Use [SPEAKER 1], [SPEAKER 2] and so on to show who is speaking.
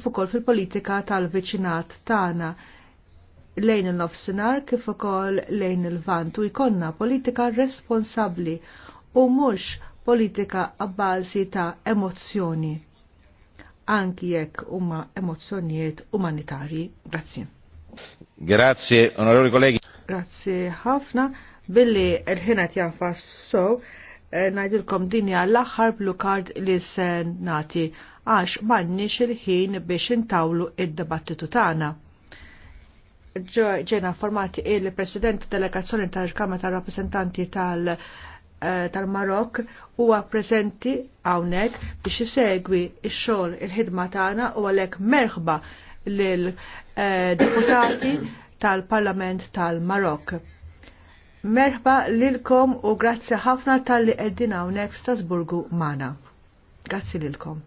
[SPEAKER 1] kif ukoll fil-politika tal-viċinat tagħna lejn il-nofsinhar kif ukoll lejn il-vant u jkollna politika responsabbli u mhux politika abbażi ta' emozzjoni anki jekk huma emozzjonijiet umanitarji. Grazzi.
[SPEAKER 2] Grazie, onorevoli kollegi.
[SPEAKER 1] Grazie ħafna. Billi il-ħinet janfas so, eh, najdilkom dinja l-axar blue card li sen nati għax m'għandniex il-ħin biex intawlu id-dibattitu tagħna ġena formati il-President Delegazzjoni tal-Kamra tal-Rappresentanti eh, tal-Marok huwa preżenti hawnhekk biex isegwi x-xogħol il-ħidma tagħna u għalhekk merħba l eh, deputati tal-Parlament tal-Marok. Merħba lilkom u grazzi ħafna tal-li qegħdin hawnhekk Strasburgu Mana. Grazzi lilkom.